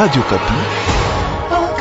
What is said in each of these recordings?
Radio Okapi. Oh,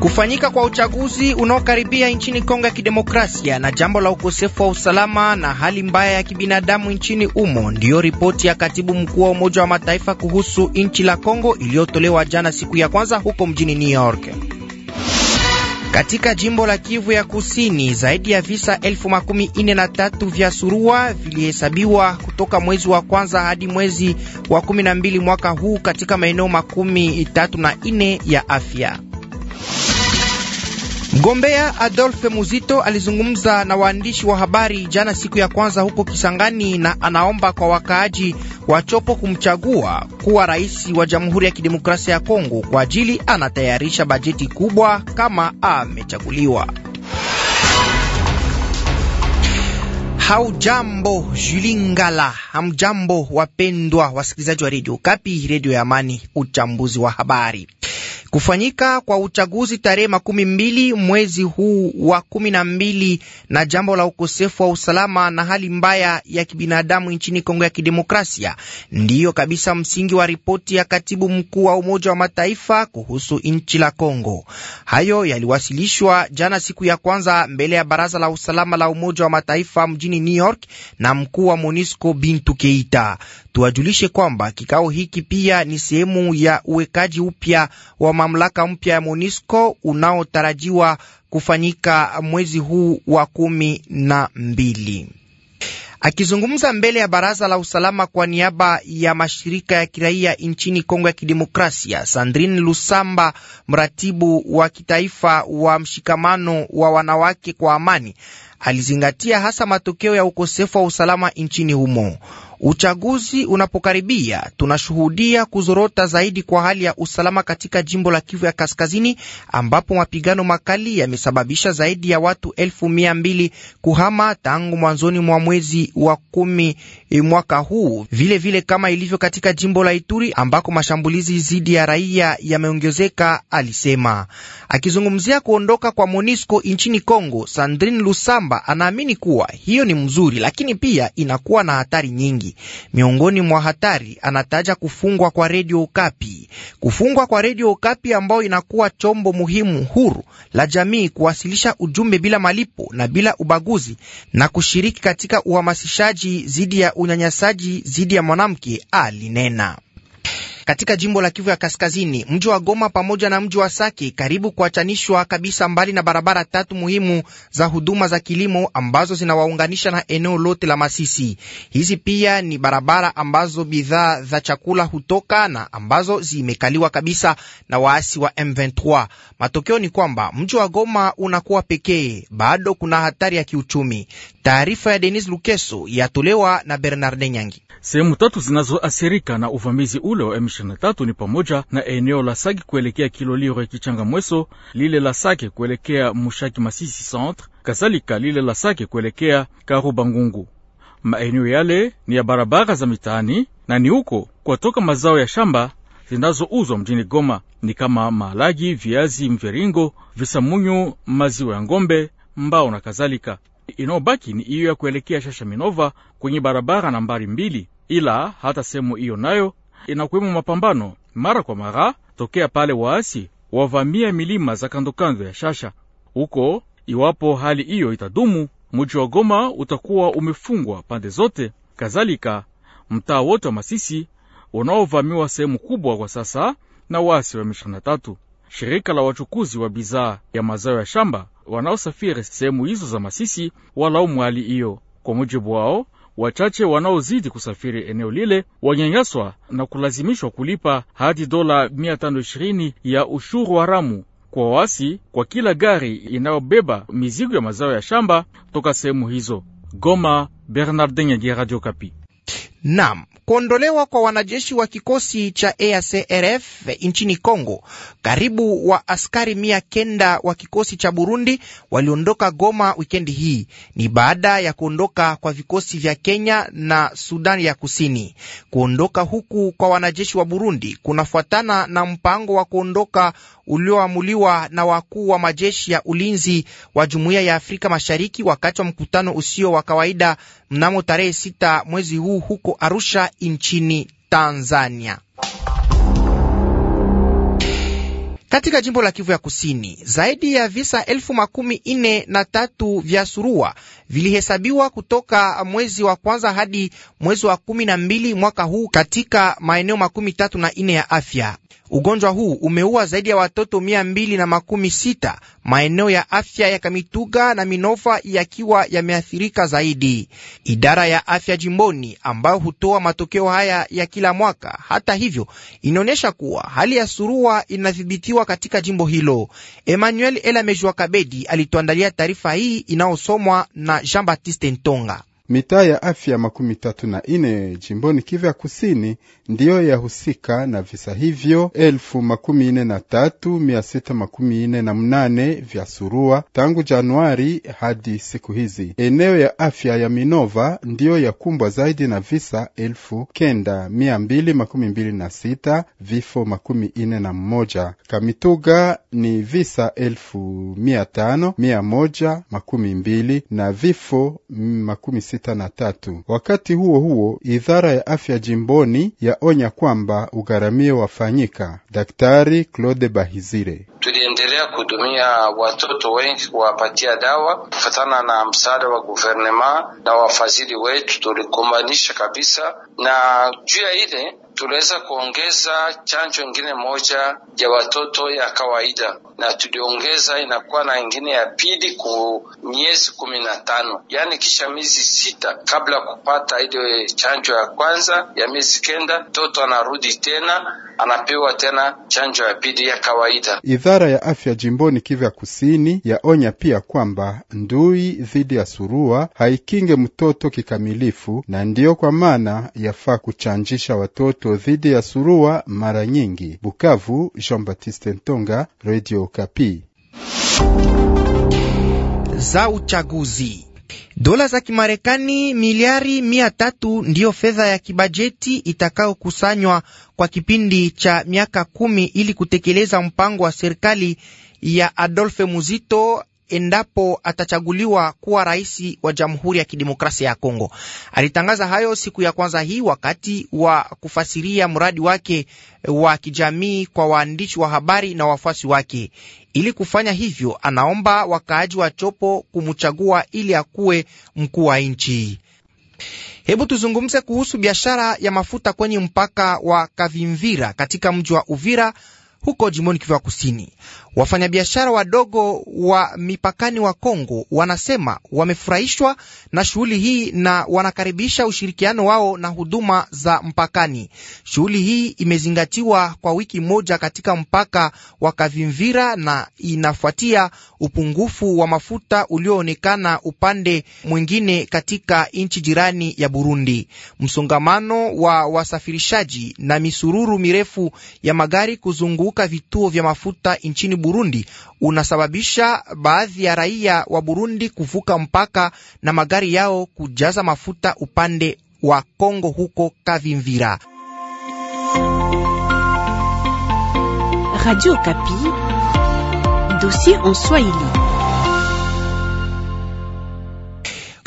Kufanyika kwa uchaguzi unaokaribia nchini Kongo ya Kidemokrasia na jambo la ukosefu wa usalama na hali mbaya ya kibinadamu nchini humo ndiyo ripoti ya katibu mkuu wa Umoja wa Mataifa kuhusu nchi la Kongo iliyotolewa jana siku ya kwanza huko mjini New York. Katika jimbo la Kivu ya Kusini, zaidi ya visa elfu makumi ine na tatu vya surua vilihesabiwa kutoka mwezi wa kwanza hadi mwezi wa kumi na mbili mwaka huu katika maeneo makumi tatu na ine ya afya. Mgombea Adolphe Muzito alizungumza na waandishi wa habari jana siku ya kwanza huko Kisangani na anaomba kwa wakaaji wachopo kumchagua kuwa rais wa Jamhuri ya Kidemokrasia ya Kongo kwa ajili anatayarisha bajeti kubwa kama amechaguliwa. Haujambo Julingala, hamjambo wapendwa wasikilizaji wa redio Kapi, redio ya amani, uchambuzi wa habari kufanyika kwa uchaguzi tarehe makumi mbili mwezi huu wa kumi na mbili na jambo la ukosefu wa usalama na hali mbaya ya kibinadamu nchini Kongo ya Kidemokrasia ndiyo kabisa msingi wa ripoti ya katibu mkuu wa Umoja wa Mataifa kuhusu nchi la Kongo. Hayo yaliwasilishwa jana siku ya kwanza mbele ya Baraza la Usalama la Umoja wa Mataifa mjini New York na mkuu wa MONUSCO Bintu Keita. Tuwajulishe kwamba kikao hiki pia ni sehemu ya uwekaji upya wa mamlaka mpya ya MONUSCO unaotarajiwa kufanyika mwezi huu wa kumi na mbili. Akizungumza mbele ya baraza la usalama kwa niaba ya mashirika ya kiraia nchini Kongo ya Kidemokrasia, Sandrine Lusamba, mratibu wa kitaifa wa mshikamano wa wanawake kwa amani, alizingatia hasa matokeo ya ukosefu wa usalama nchini humo. Uchaguzi unapokaribia, tunashuhudia kuzorota zaidi kwa hali ya usalama katika jimbo la Kivu ya Kaskazini, ambapo mapigano makali yamesababisha zaidi ya watu elfu mia mbili kuhama tangu mwanzoni mwa mwezi wa kumi e, mwaka huu. Vilevile vile kama ilivyo katika jimbo la Ituri ambako mashambulizi dhidi ya raia yameongezeka, alisema. Akizungumzia kuondoka kwa MONUSCO nchini congo Sandrine Lusamba anaamini kuwa hiyo ni mzuri, lakini pia inakuwa na hatari nyingi. Miongoni mwa hatari anataja kufungwa kwa redio Okapi. Kufungwa kwa redio Okapi ambayo inakuwa chombo muhimu huru la jamii kuwasilisha ujumbe bila malipo na bila ubaguzi na kushiriki katika uhamasishaji dhidi ya unyanyasaji dhidi ya mwanamke, alinena katika jimbo la Kivu ya Kaskazini. Mji wa Goma pamoja na mji wa Saki karibu kuachanishwa kabisa, mbali na barabara tatu muhimu za huduma za kilimo ambazo zinawaunganisha na eneo lote la Masisi. Hizi pia ni barabara ambazo bidhaa za chakula hutoka na ambazo zimekaliwa kabisa na waasi wa M23. Matokeo ni kwamba mji wa Goma unakuwa pekee, bado kuna hatari ya kiuchumi. Taarifa ya Denis Lukeso yatolewa na Bernard Nyangi. Sehemu tatu zinazoathirika na uvamizi ule wa M23 ni pamoja na eneo la Sake kuelekea Kiloliro ya Kichanga Mweso, lile la Sake kuelekea Mushaki Masisi centre, kasalika lile la Sake kuelekea Karuba Ngungu. Maeneo yale ni ya barabara za mitaani na ni huko kwatoka mazao ya shamba zinazouzwa mjini Goma ni kama maalagi, viazi mviringo, visamunyu, maziwa ya ng'ombe, mbao na kadhalika. Inayobaki ni iyo ya kuelekea Shasha Minova kwenye barabara nambari mbili, ila hata sehemu hiyo nayo inakuwemo mapambano mara kwa mara tokea pale waasi wavamia milima za kandokando ya Shasha huko. Iwapo hali hiyo itadumu, muji wa Goma utakuwa umefungwa pande zote, kadhalika mtaa wote wa Masisi unaovamiwa sehemu kubwa kwa sasa na waasi wa M23. Shirika la wachukuzi wa bidhaa ya mazao ya shamba wanaosafiri sehemu hizo za Masisi walaumu hali hiyo. Kwa mujibu wao, wachache wanaozidi kusafiri eneo lile wanyanyaswa na kulazimishwa kulipa hadi dola 520 ya ushuru haramu kwa waasi kwa kila gari inayobeba mizigo ya mazao ya shamba toka sehemu hizo. Goma, Bernardin Nyangi, Radio Kapi. Nam, kuondolewa kwa wanajeshi wa kikosi cha EACRF nchini congo karibu wa askari mia kenda wa kikosi cha Burundi waliondoka Goma wikendi hii, ni baada ya kuondoka kwa vikosi vya Kenya na Sudani ya Kusini. Kuondoka huku kwa wanajeshi wa Burundi kunafuatana na mpango wa kuondoka ulioamuliwa na wakuu wa majeshi ya ulinzi wa Jumuiya ya Afrika Mashariki wakati wa mkutano usio wa kawaida mnamo tarehe sita mwezi huu huko Arusha nchini Tanzania. Katika jimbo la Kivu ya Kusini, zaidi ya visa elfu makumi nne na tatu vya surua vilihesabiwa kutoka mwezi wa kwanza hadi mwezi wa kumi na mbili mwaka huu katika maeneo makumi tatu na nne ya afya. Ugonjwa huu umeua zaidi ya watoto mia mbili na makumi sita, maeneo ya afya ya Kamituga na Minova yakiwa yameathirika zaidi. Idara ya afya jimboni ambayo hutoa matokeo haya ya kila mwaka, hata hivyo, inaonyesha kuwa hali ya surua inadhibitiwa katika jimbo hilo. Emmanuel Elamejua Kabedi alituandalia taarifa hii inayosomwa na Jean Baptiste Ntonga. Mitaa ya afya makumi tatu na ine jimboni Kivu ya Kusini ndiyo yahusika na visa hivyo elfu makumi ine na tatu mia sita makumi ine na mnane vya surua tangu Januari hadi siku hizi. Eneo ya afya ya Minova ndiyo yakumbwa zaidi na visa elfu kenda mia mbili makumi mbili na sita vifo makumi ine na mmoja. Kamituga ni visa elfu mia tano mia moja makumi mbili na vifo makumi sita na tatu. Wakati huo huo, idhara ya afya jimboni ya onya kwamba ugharamio wafanyika. Daktari Claude Bahizire: tuliendelea kuhudumia watoto wengi, kuwapatia dawa kufatana na msaada wa guvernema na wafadhili wetu, tulikumbanisha kabisa na juu ya ile tuliweza kuongeza chanjo ingine moja ya watoto ya kawaida na tuliongeza inakuwa na ingine ya pili ku miezi kumi na tano, yaani kisha miezi sita kabla kupata ile chanjo ya kwanza ya miezi kenda, mtoto anarudi tena anapewa tena chanjo ya pili ya kawaida. Idara ya afya jimboni Kivu ya Kusini yaonya pia kwamba ndui dhidi ya surua haikinge mtoto kikamilifu, na ndiyo kwa maana yafaa kuchanjisha watoto dhidi ya surua mara nyingi. Bukavu, Jean Baptiste Ntonga, Radio Kapi. za uchaguzi Dola za Kimarekani miliari mia tatu ndiyo fedha ya kibajeti itakayokusanywa kwa kipindi cha miaka kumi ili kutekeleza mpango wa serikali ya adolfe Muzito endapo atachaguliwa kuwa rais wa Jamhuri ya Kidemokrasia ya Kongo. Alitangaza hayo siku ya kwanza hii wakati wa kufasiria mradi wake eh, wa kijamii kwa waandishi wa habari na wafuasi wake. Ili kufanya hivyo, anaomba wakaaji wa Chopo kumchagua ili akuwe mkuu wa nchi. Hebu tuzungumze kuhusu biashara ya mafuta kwenye mpaka wa Kavimvira katika mji wa Uvira huko jimboni Kivu Kusini. Wafanyabiashara wadogo wa mipakani wa Kongo wanasema wamefurahishwa na shughuli hii na wanakaribisha ushirikiano wao na huduma za mpakani. Shughuli hii imezingatiwa kwa wiki moja katika mpaka wa Kavimvira na inafuatia upungufu wa mafuta ulioonekana upande mwingine katika nchi jirani ya Burundi. Msongamano wa wasafirishaji na misururu mirefu ya magari kuzunguka vituo vya mafuta nchini Burundi unasababisha baadhi ya raia wa Burundi kuvuka mpaka na magari yao kujaza mafuta upande wa Kongo huko Kavimvira. Radio Kapi, dossier en Swahili.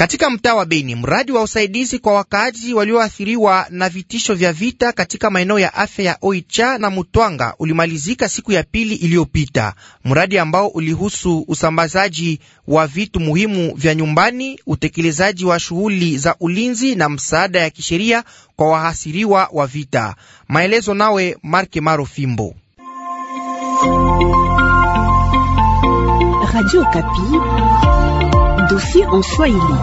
Katika mtaa wa Beni, mradi wa usaidizi kwa wakaaji walioathiriwa na vitisho vya vita katika maeneo ya afya ya Oicha na Mutwanga ulimalizika siku ya pili iliyopita, mradi ambao ulihusu usambazaji wa vitu muhimu vya nyumbani, utekelezaji wa shughuli za ulinzi na msaada ya kisheria kwa wahasiriwa wa vita. Maelezo nawe Marke Maro Fimbo. Dossier en Swahili.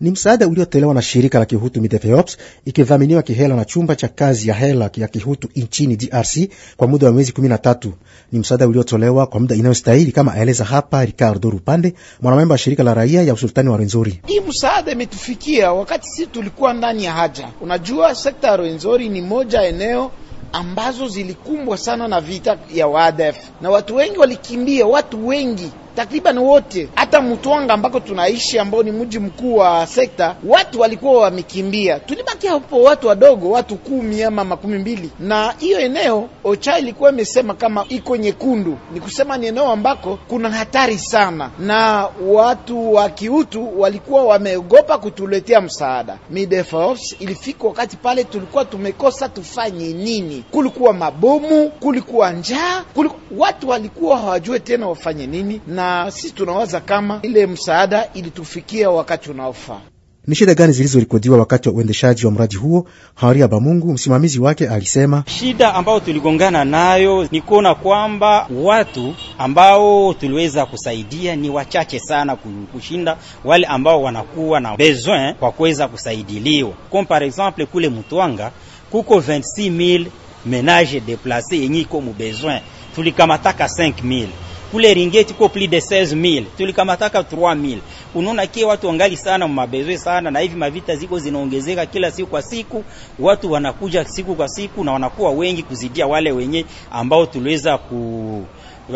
Ni msaada uliotolewa na shirika la kihutu Mideveops ikivaminiwa kihela na chumba cha kazi ya hela ya kihutu nchini DRC kwa muda wa miezi 13 Ni msaada uliotolewa kwa muda inayostahili kama aeleza hapa Ricardo Rupande, mwanamemba wa shirika la raia ya usultani wa Rwenzori. Hii msaada imetufikia wakati sisi tulikuwa ndani ya haja. Unajua, sekta ya Rwenzori ni moja eneo ambazo zilikumbwa sana na vita ya WADF na watu wengi walikimbia, watu wengi takriban wote, hata Mutwanga ambako tunaishi, ambao ni mji mkuu wa sekta, watu walikuwa wamekimbia. Tulibaki hapo watu wadogo, watu kumi ama makumi mbili, na hiyo eneo OCHA ilikuwa imesema kama iko nyekundu, ni kusema ni eneo ambako kuna hatari sana, na watu wa kiutu walikuwa wameogopa kutuletea msaada. Midefos ilifika wakati pale tulikuwa tumekosa tufanye nini. Kulikuwa mabomu, kulikuwa njaa, kulikuwa... watu walikuwa hawajue tena wafanye nini na na sisi tunawaza kama ile msaada ilitufikia wakati unaofaa. Ni shida gani zilizorekodiwa wakati wa uendeshaji wa mradi huo? Hawaria Bamungu, msimamizi wake, alisema shida ambayo tuligongana nayo ni kuona kwamba watu ambao tuliweza kusaidia ni wachache sana kushinda wale ambao wanakuwa na besoin kwa kuweza kusaidiliwa. Comme par exemple kule Mutwanga kuko 26000 menage deplace yenye iko mu besoin, tulikamataka 5000 kule ringeti ko plus de 16000 tulikamataka 3000. Unaona kie watu wangali sana mabezwe sana, na hivi mavita ziko zinaongezeka kila siku kwa siku, watu wanakuja siku kwa siku na wanakuwa wengi kuzidia wale wenye ambao tuliweza ku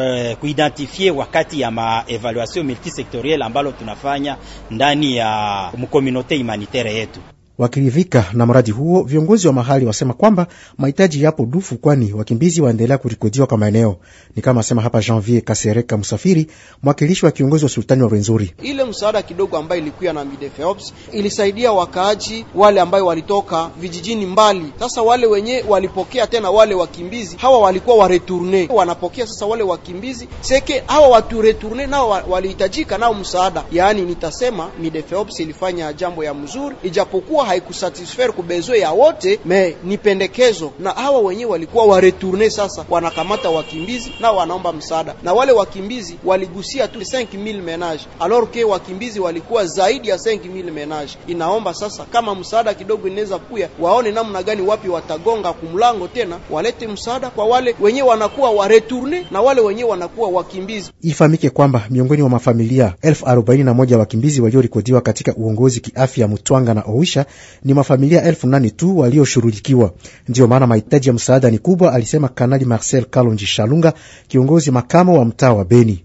eh, kuidentifie wakati ya maevaluation multisectorielle ambalo tunafanya ndani ya mkomunote humanitaire yetu. Wakiridhika na mradi huo, viongozi wa mahali wasema kwamba mahitaji yapo dufu, kwani wakimbizi waendelea kurikodiwa kwa maeneo. Ni kama asema hapa Janvier Kasereka Msafiri, mwakilishi wa kiongozi wa sultani wa rwenzuri Ile msaada kidogo ambayo ilikuya na midefeops ilisaidia wakaaji wale ambayo walitoka vijijini mbali. Sasa wale wenye walipokea tena wale wakimbizi hawa walikuwa wareturne, wanapokea sasa wale wakimbizi seke hawa watu returne, nao walihitajika nao msaada. Yaani nitasema midefeops ilifanya jambo ya mzuri, ijapokuwa ilikuwa haikusatisfaire kubezo ya wote, me ni pendekezo, na hawa wenyewe walikuwa wareturne Sasa wanakamata wakimbizi na wanaomba msaada, na wale wakimbizi waligusia tu 5000 menage, alors que wakimbizi walikuwa zaidi ya 5000 menage. Inaomba sasa kama msaada kidogo inaweza kuya, waone namna gani, wapi watagonga kumlango tena, walete msaada kwa wale wenyewe wanakuwa wareturne na wale wenyewe wanakuwa wakimbizi. Ifahamike kwamba miongoni mwa mafamilia elfu arobaini na moja wakimbizi waliorekodiwa katika uongozi kiafya Mutwanga na Owisha ni mafamilia elfu nane tu walioshughulikiwa. Ndiyo maana mahitaji ya msaada ni kubwa, alisema Kanali Marcel Kalonji Shalunga, kiongozi makamo wa mtaa wa Beni.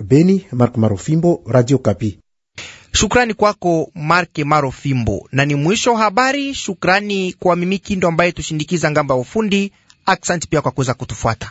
Beni, Mark Marofimbo, Radio Kapi. Shukrani kwako Marke Marofimbo, na ni mwisho wa habari. Shukrani kwa Mimiki Ndo ambaye tushindikiza ngamba ya ufundi. Aksanti pia kwa kuweza kutufuata.